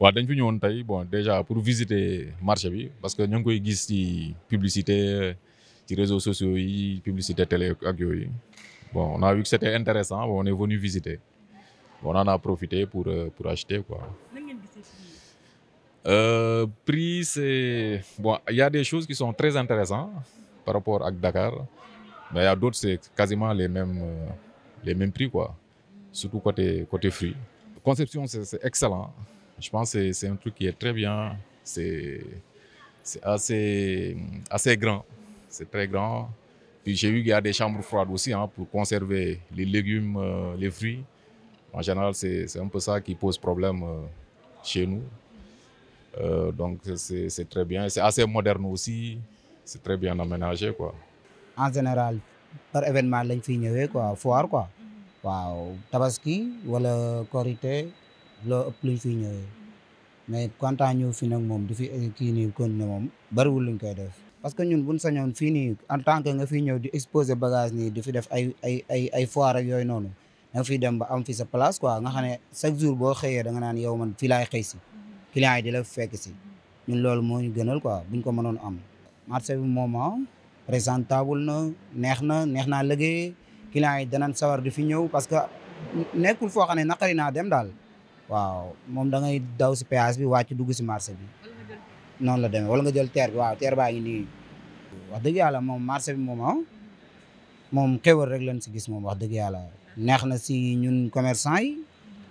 waaw dañ fi ñëwoon bon déjà pour visiter marché parce que nous koy gis ci publicité ci réseaux sociaux yi publicité télé bon on a vu que c'était intéressant bon on est venu visiter on en a profité pour euh, pour acheter quoi. Euh, prix c'est bon il y a des choses qui sont très intéressantes par rapport à Dakar mais il y a d'autres c'est quasiment les mêmes euh, les mêmes prix quoi surtout côté côté fruits. conception c'est excellent. Je pense que c'est un truc qui est très bien. C'est assez, assez grand. C'est très grand. Puis j'ai vu qu'il y a des chambres froides aussi hein, pour conserver les légumes, euh, les fruits. En général, c'est un peu ça qui pose problème euh, chez nous. Euh, donc c'est très bien. C'est assez moderne aussi. C'est très bien aménagé. Quoi. En général, par événement, il y a foire. Quoi. Tabaski, ou le Corité, loo ëpp luñ fiy ñëwee mais kontaan ñëw fi nag moom di fi eh, kii nii kon ne moom bariwul luñ koy def. parce que ñun buñ sañoon fii nii en tant nga fiy ñëw di exposer bagage nii di fi def ay ay ay ay foire ak yooyu noonu nga fiy dem ba am fi sa place quoi nga xam ne chaque jour boo xëyee da naan yow man fii laay xëy si client yi di la fekk si ñun loolu moo ñu gënal quoi buñ ko mënoon am. marché bi moom ah, présentable na neex na neex naa liggéey client yi danañ sawar di fi ñëw parce que nekkul foo xam ne naqari naa dem daal. waaw moom da ngay daw si péage bi wàcc dugg si marché bi noonu la demee wala nga jël teer waaw teer baa ngi nii wax dëgg yàlla moom marché bi moom ah, mhm. moom xéwal rek lañ si gis moom wax dëgg yàlla neex na si ñun commerçant yi mhm.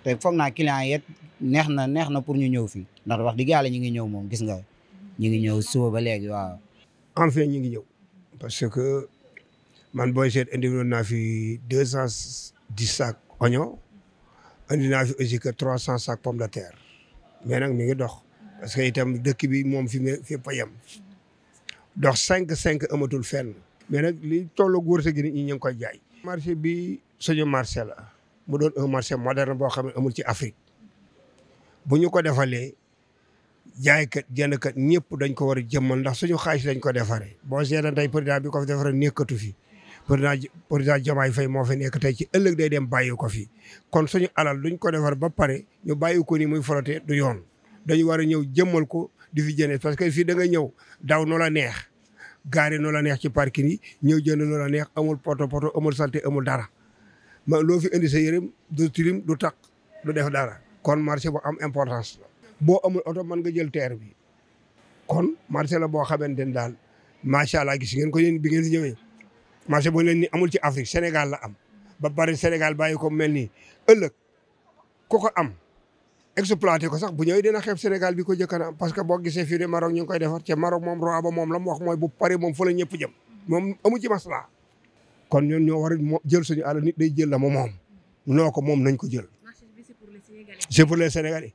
te foog naa client yi neex na neex na pour ñu ñëw fii ndax wax dëgg yàlla ñu ngi ñëw moom gis nga mhm. ñu ngi ñëw suba ba léegi waaw. enfin ñu ngi ñëw parce que man booy seet indi woon naa fi deux cent andi naa fi aussi trois cent sacs pomme de terre mais nag mi ngi dox parce que itam dëkk bi moom fi mu fi payam dox cinq cinq amatul fenn mais nag li tollu wërsëg gi ñi ñu ngi koy jaay. marché bi suñu marché la mu doon un marché moderne boo xam ne amul ci Afrique bu ñu ko defalee jaaykat jëndkat ñëpp dañ ko war a jëmmal ndax suñu xaalis dañ ko defaree boo seetlee tey président bi ko fi defaree nekkatu fi. pour président président Diomaye fay moo fi nekk tey ci ëllëg day dem bàyyi ko fi kon suñu alal duñ ko defar ba pare ñu bàyyi ko ni muy frotter du yoon dañu war a ñëw jëmmal ko di fi jëne parce que fii da nga ñëw daw noo la neex gari noo la neex ci parking yi ñëw jënd noo la neex amul poto poto amul salté amul dara ma loo fi indi sa yërëm du tilim du taq du def dara kon marché bo am importance la boo amul oto mën nga jël terre bi kon marché la boo xamante ni daal macha allah gis ko yéen bi ngeen si ñëwee marché bu len ni amul ci Afrique senegal la am ba bari senegal baye ko melni euleuk ëllëg ko am exploiter ko sax bu ñëwee dina xef senegal bi ko am parce que bo gisé fi ni Maroc ñu koy defar ci Maroc mom roi ba lam la wax moy bu paré mom fa la jëm mom amu ci masla kon ñun ño war jël suñu ala nit day jël la mom mom noko mom nañ ko jël c'est pour les Sénégalais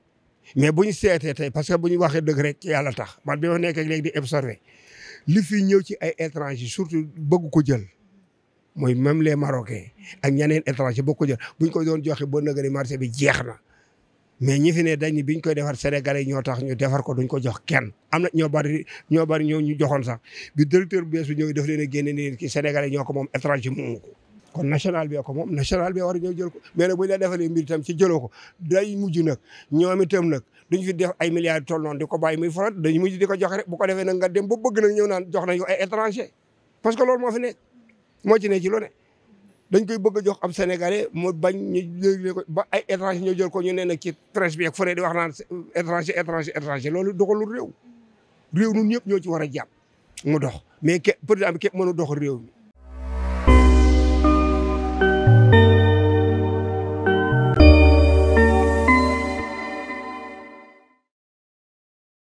mais bu sété tay parce que bu waxé deug rek ci yalla tax man bi nek ak léegi di observer li fi ñew ci ay étrangers surtout bëgg ko jël mooy même les marocains ak ñeneen étranger boo ko jël buñ ko doon joxe ba nagari marché bi jeex na. mais ñi fi dañ biñ koy defar Sénégalais ñoo tax ñu defar ko duñ ko jox kenn am na ñoo bari ñoo bari ñoo ñu joxoon sax bi directeur bu bees bi ñëw daf leen ne génne ni ki Sénégalais ñoo ko moom étranger moomu ko. kon national bi ko moom national bi war a ñëw jël ko mais nag bu ñu la defalee mbir itam ci jëloo ko day mujj nag ñoom itam nag fi def ay milliards toll noonu di ko bàyyi muy farat dañu mujj jox bu ko defee nag nga dem ba bëgg nag ñëw moo ci ne ci lu ne dañ koy bëgg a jox ab sénégalais mu bañ ñu jëlee ko ba ay étranger ñoo jël ko ñu ne nag ci presse bi ak fële di wax naan étranger étranger étranger loolu doxalul réew réew nun ñëpp ñoo ci war a jàpp mu dox mais ke président bi képp mënu dox réew mi